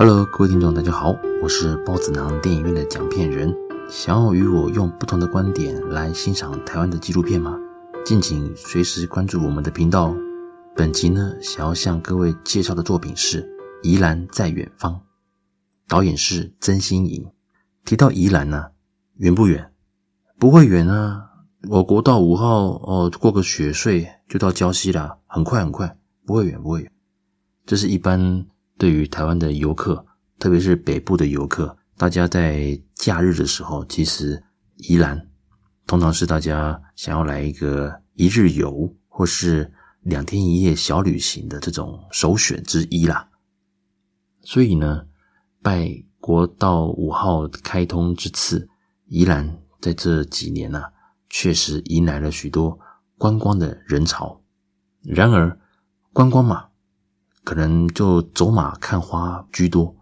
Hello，各位聽眾，大家好，我是孢子囊電影院的講片人。想要與我用不同的觀點來欣賞台灣的紀錄片嗎？敬請隨時關注我們的頻道。本集呢，想要向各位介紹的作品是《宜蘭在遠方》，導演是曾心穎。提到宜蘭啊，遠不遠？不會遠啊，我國道五號哦，過個雪隧就到礁溪啦，很快很快，不會遠，不會遠。這是一般。對於台灣的遊客，特別是北部的遊客，大家在假日的時候，其實宜蘭通常是大家想要來一個一日遊或是兩天一夜小旅行的這種首選之一啦。所以呢，拜國道五號開通之賜，宜蘭在這幾年呢、啊，確實迎來了許多觀光的人潮。然而，觀光嘛。可能就走馬看花居多，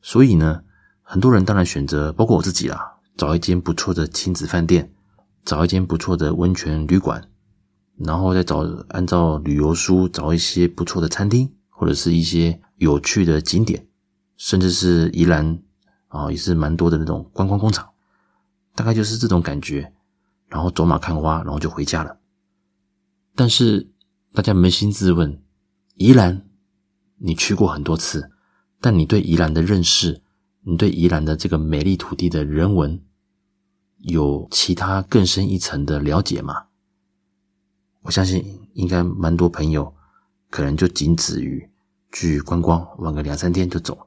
所以呢，很多人當然選擇，包括我自己啦，找一間不錯的親子飯店，找一間不錯的溫泉旅館，然後再找按照旅遊書找一些不錯的餐廳，或者是一些有趣的景點，甚至是宜蘭啊，也是蠻多的那種觀光工廠，大概就是這種感覺，然後走馬看花，然後就回家了。但是大家捫心自問，宜蘭。你去過很多次，但你對宜蘭的認識，你對宜蘭的這個美麗土地的人文，有其他更深一層的了解嗎？我相信應該蠻多朋友可能就僅止於去觀光，玩個兩三天就走，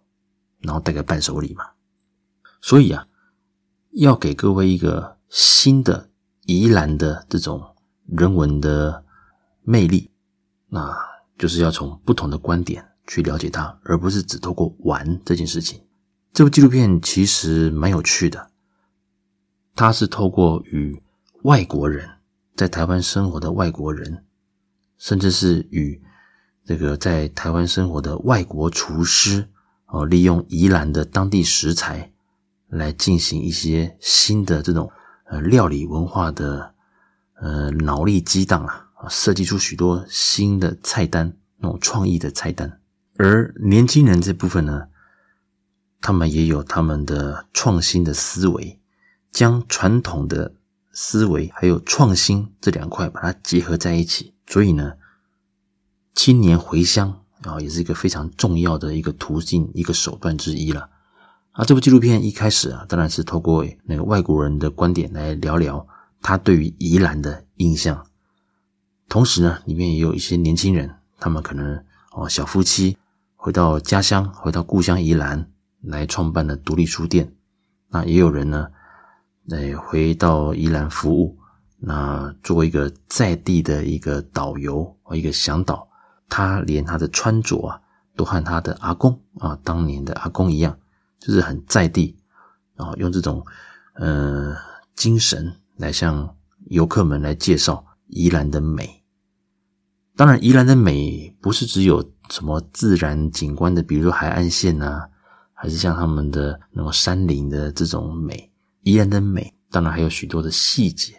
然後帶個伴手禮嘛。所以啊，要給各位一個新的宜蘭的這種人文的魅力，那就是要從不同的觀點。去了解它，而不是只透過玩這件事情。這部紀錄片其實蠻有趣的，它是透過與外國人在台灣生活的外國人，甚至是與這個在台灣生活的外國廚師哦、呃，利用宜蘭的當地食材來進行一些新的這種呃料理文化的呃腦力激盪啊，設計出許多新的菜單，那種創意的菜單。而年輕人這部分呢，他們也有他們的創新的思維，將傳統的思維還有創新這兩塊把它結合在一起，所以呢，青年回鄉啊，也是一個非常重要的一個途徑、一個手段之一了。啊，這部紀錄片一開始啊，當然是透過那個外國人的觀點來聊聊他對於宜蘭的印象，同時呢，裡面也有一些年輕人，他們可能哦小夫妻。回到家鄉，回到故鄉宜蘭來創辦了獨立書店。那也有人呢，來回到宜蘭服務，那做一個在地的一個導遊啊，一個向導。他連他的穿着啊，都和他的阿公啊，當年的阿公一樣，就是很在地，然後，啊，用這種嗯，呃，精神來向遊客們來介紹宜蘭的美。當然，宜蘭的美不是只有什麼自然景觀的，比如說海岸線吶、啊，還是像他們的那種山林的這種美。宜蘭的美，當然還有許多的細節，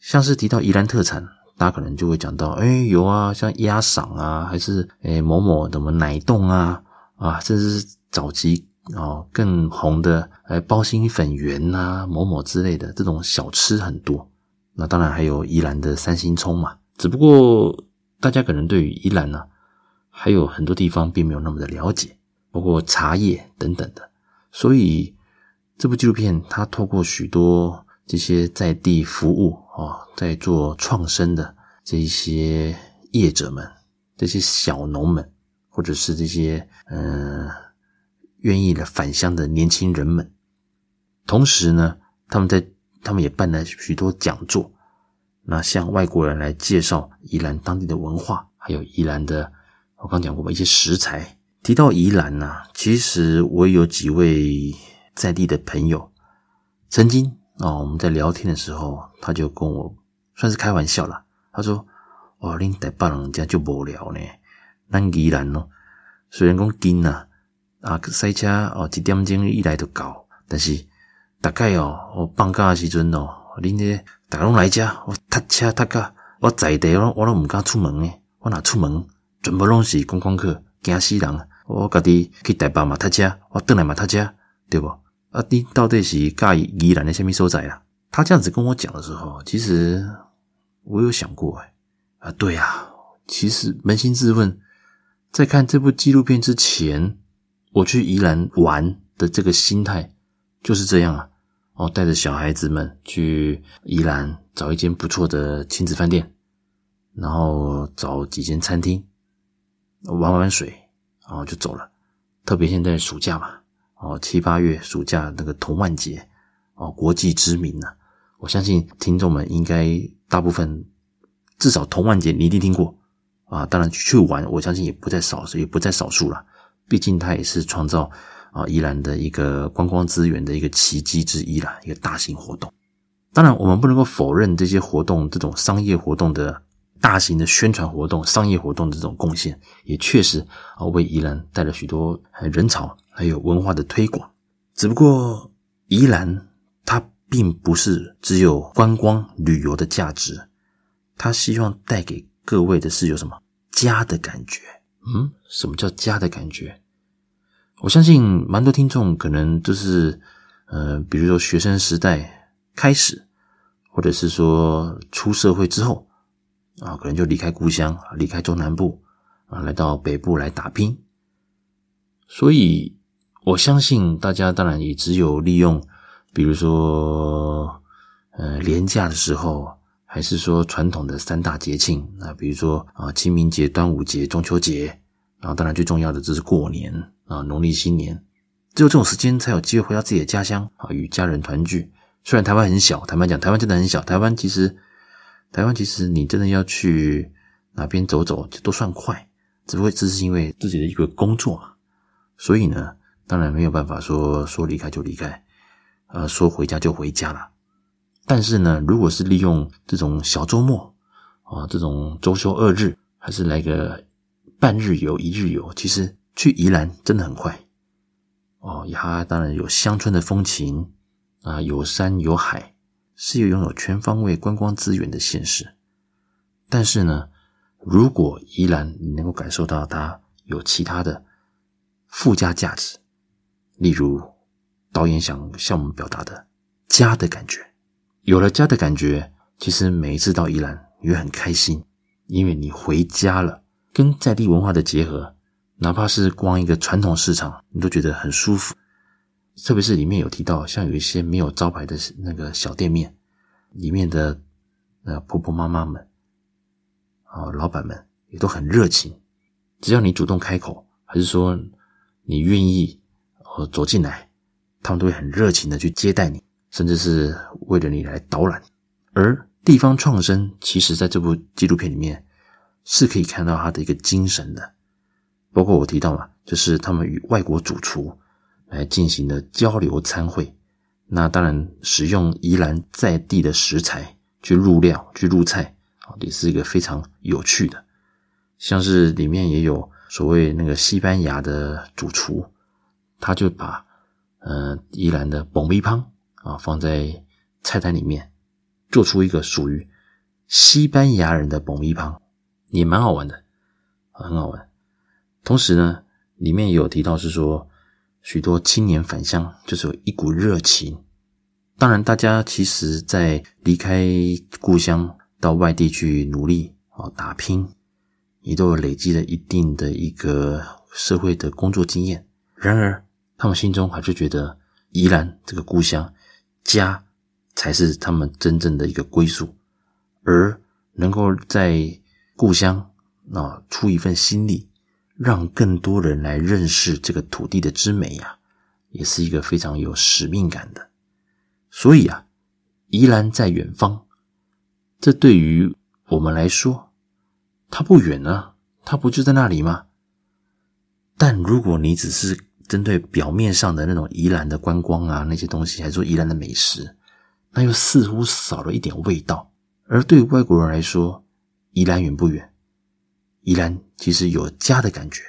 像是提到宜蘭特產，大家可能就會講到，誒、欸、有啊，像鴨賞啊，還是哎、欸、某某的什麼奶凍啊，啊，甚至是早期哦更紅的，包心粉圓啊，某某之類的這種小吃很多。那當然還有宜蘭的三星蔥嘛，只不過，大家可能對於宜蘭呢、啊，還有很多地方並沒有那麼的了解，包括茶葉等等的。所以這部紀錄片，它透過許多這些在地服務啊、哦，在做創生的這一些業者們，這些小農們，或者是這些嗯呃、願意的返鄉的年輕人們，同時呢，他們在他們也辦了許多講座。那向外國人來介紹宜蘭當地的文化，還有宜蘭的，我剛講過吧，一些食材。提到宜蘭吶、啊，其實我有幾位在地的朋友，曾經啊、哦，我們在聊天的時候，他就跟我算是開玩笑了，他說：“哇，你在北人家就無聊呢，咱宜蘭哦，雖然講近吶，啊，塞車哦，一點鐘以來都搞，但是大概哦，我放假時陣哦，你的、這個大家都打工來家我踏車踏到我在地咯，我攏唔敢出門誒。我若出門，全部攏是觀光客，驚死人。我家己去台北嘛踏車，我回來嘛踏車，對不？啊，你到底是介宜蘭的蝦米所在啊？他這樣子跟我講的時候，其實我有想過誒、欸。啊，對啊，其實捫心自問，在看這部紀錄片之前，我去宜蘭玩的這個心態就是這樣啊。哦，帶着小孩子們去宜蘭找一間不錯的親子飯店，然後找幾間餐廳玩，玩玩水，然後就走了。特別現在暑假嘛，哦，七八月暑假那個童玩節哦，國際知名呢，啊。我相信聽眾們應該大部分，至少童玩節你一定聽過啊。當然去玩，我相信也不在少，也不在少數了。畢竟它也是創造。啊，宜蘭的一個觀光資源的一個奇蹟之一啦，一個大型活動。當然，我們不能夠否認這些活動、這種商業活動的大型的宣傳活動、商業活動的這種貢獻，也確實啊，為宜蘭帶了許多人潮，還有文化的推廣。只不過，宜蘭它並不是只有觀光旅遊的價值，它希望帶給各位的是有什麼家的感覺？嗯，什麼叫家的感覺？我相信蠻多聽眾可能都、就是，呃，比如說學生時代開始，或者是說出社會之後，啊，可能就離開故鄉，離開中南部啊，來到北部來打拼。所以我相信大家當然也只有利用，比如說，呃，年假的時候，還是說傳統的三大節慶啊，比如說啊，清明節、端午節、中秋節，然、啊、後當然最重要的就是過年。啊，農曆新年只有這種時間才有機會回到自己的家鄉啊，與家人團聚。雖然台灣很小，坦白講，台灣真的很小。台灣其實，台灣其實你真的要去哪邊走走，都算快。只不過這是因為自己的一個工作嘛，所以呢，當然沒有辦法說說離開就離開，呃，說回家就回家了。但是呢，如果是利用這種小周末啊，這種周休二日，還是來個半日遊、一日遊，其實。去宜蘭真的很快哦，也它當然有鄉村的風情啊，有山有海，是一個擁有全方位觀光資源的縣市。但是呢，如果宜蘭你能夠感受到它有其他的附加價值，例如導演想向我們表達的家的感覺，有了家的感覺，其實每一次到宜蘭也很開心，因為你回家了，跟在地文化的結合。哪怕是逛一個傳統市場，你都覺得很舒服。特別是裡面有提到，像有一些沒有招牌的那個小店面，裡面的那婆婆媽媽們啊，老闆們也都很熱情。只要你主動開口，還是說你願意哦走進來，他們都會很熱情的去接待你，甚至是為了你來導覽。而地方創生，其實在這部紀錄片裡面是可以看到他的一個精神的。包括我提到嘛，就是他們與外國主廚來進行的交流餐會。那當然，使用宜蘭在地的食材去入料、去入菜啊也是一個非常有趣的。像是裡面也有所謂那個西班牙的主廚，他就把嗯、呃、宜蘭的爆米香啊，放在菜單裡面，做出一個屬於西班牙人的爆米香，也蠻好玩的，很好玩。同時呢，裡面也有提到，是說許多青年返鄉，就是有一股熱情。當然，大家其實在離開故鄉到外地去努力啊打拼，也都累積了一定的一個社會的工作經驗。然而，他們心中還是覺得宜蘭這個故鄉家才是他們真正的一個歸宿，而能夠在故鄉啊出一份心力。讓更多人來認識這個土地的之美呀、啊，也是一個非常有使命感的。所以啊，宜蘭在遠方，這對於我們來說，它不遠啊，它不就在那裡嗎？但如果你只是針對表面上的那種宜蘭的觀光啊，那些東西，還是說宜蘭的美食，那又似乎少了一點味道。而對外國人來說，宜蘭遠不遠？宜蘭。其實有家的感覺，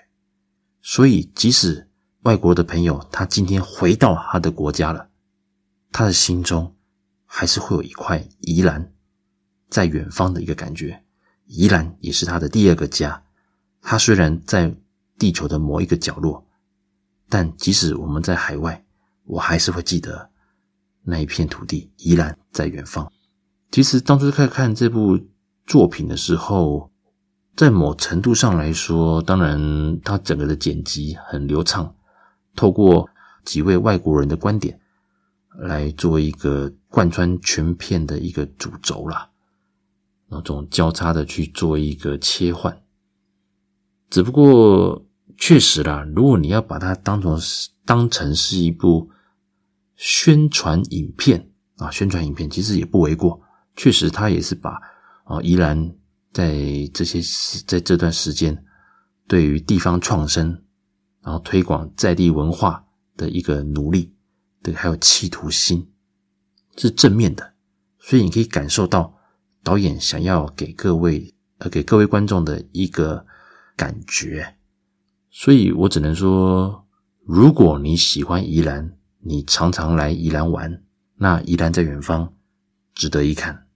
所以即使外國的朋友他今天回到他的國家了，他的心中還是會有一塊宜蘭在遠方的一個感覺。宜蘭也是他的第二個家。他雖然在地球的某一個角落，但即使我們在海外，我還是會記得那一片土地宜蘭在遠方。其實當初在看，看這部作品的時候。在某程度上來說，當然，它整個的剪輯很流暢，透過幾位外國人的觀點來做一個貫穿全片的一個主軸啦，那種交叉的去做一個切換。只不過，確實啦，如果你要把它當成是當成是一部宣傳影片啊，宣傳影片其實也不為過。確實，它也是把啊宜蘭。宜在這些，在這段時間，對於地方創生，然後推廣在地文化的一個努力，對，還有企圖心，是正面的，所以你可以感受到導演想要給各位呃給各位觀眾的一個感覺，所以我只能說，如果你喜歡宜蘭，你常常來宜蘭玩，那宜蘭在遠方，值得一看。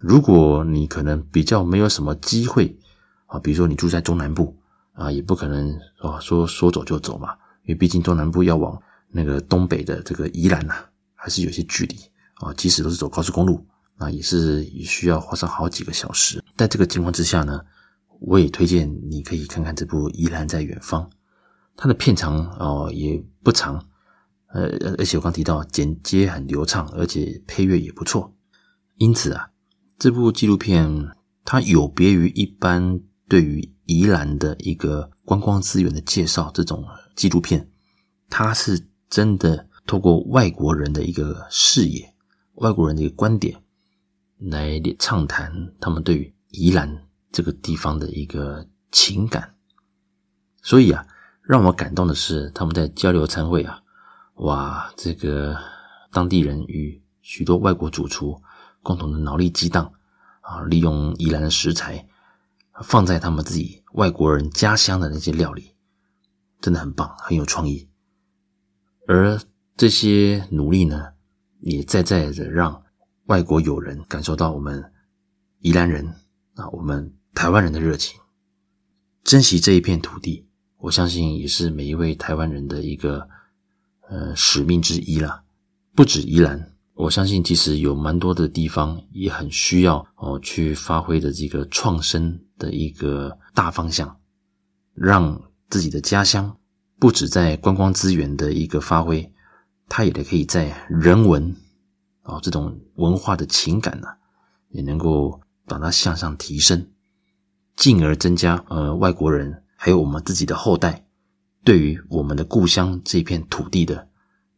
如果你可能比較沒有什麼機會啊，比如說你住在中南部啊，也不可能啊說說走就走嘛，因為畢竟中南部要往那個東北的這個宜蘭吶，還是有些距離啊。即使都是走高速公路，啊，也是也需要花上好幾個小時。在這個情況之下呢，我也推薦你可以看看這部《宜蘭在遠方》，它的片長哦也不長，呃，而且我剛提到剪接很流暢，而且配樂也不錯，因此啊。這部紀錄片，它有別於一般對於宜蘭的一個觀光資源的介紹，這種紀錄片，它是真的透過外國人的一個視野、外國人的一個觀點來暢談他們對於宜蘭這個地方的一個情感。所以啊，讓我感動的是，他們在交流餐會啊，哇，這個當地人與許多外國主廚。共同的腦力激盪，啊，利用宜蘭的食材，放在他們自己外國人家鄉的那些料理，真的很棒，很有創意。而這些努力呢，也在在的讓外國友人感受到我們宜蘭人啊，我們台灣人的熱情，珍惜這一片土地，我相信也是每一位台灣人的一個呃使命之一啦，不止宜蘭。我相信，其實有蠻多的地方也很需要哦，去發揮的這個創生的一個大方向，讓自己的家鄉不止在觀光資源的一個發揮，它也得可以在人文啊這種文化的情感呢，也能夠把它向上提升，進而增加呃外國人，還有我們自己的後代，對於我們的故鄉這片土地的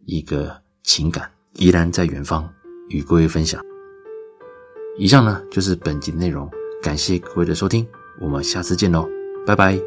一個情感。宜蘭在遠方與各位分享。以上呢就是本集的內容，感謝各位的收聽，我們下次見嘍，拜拜。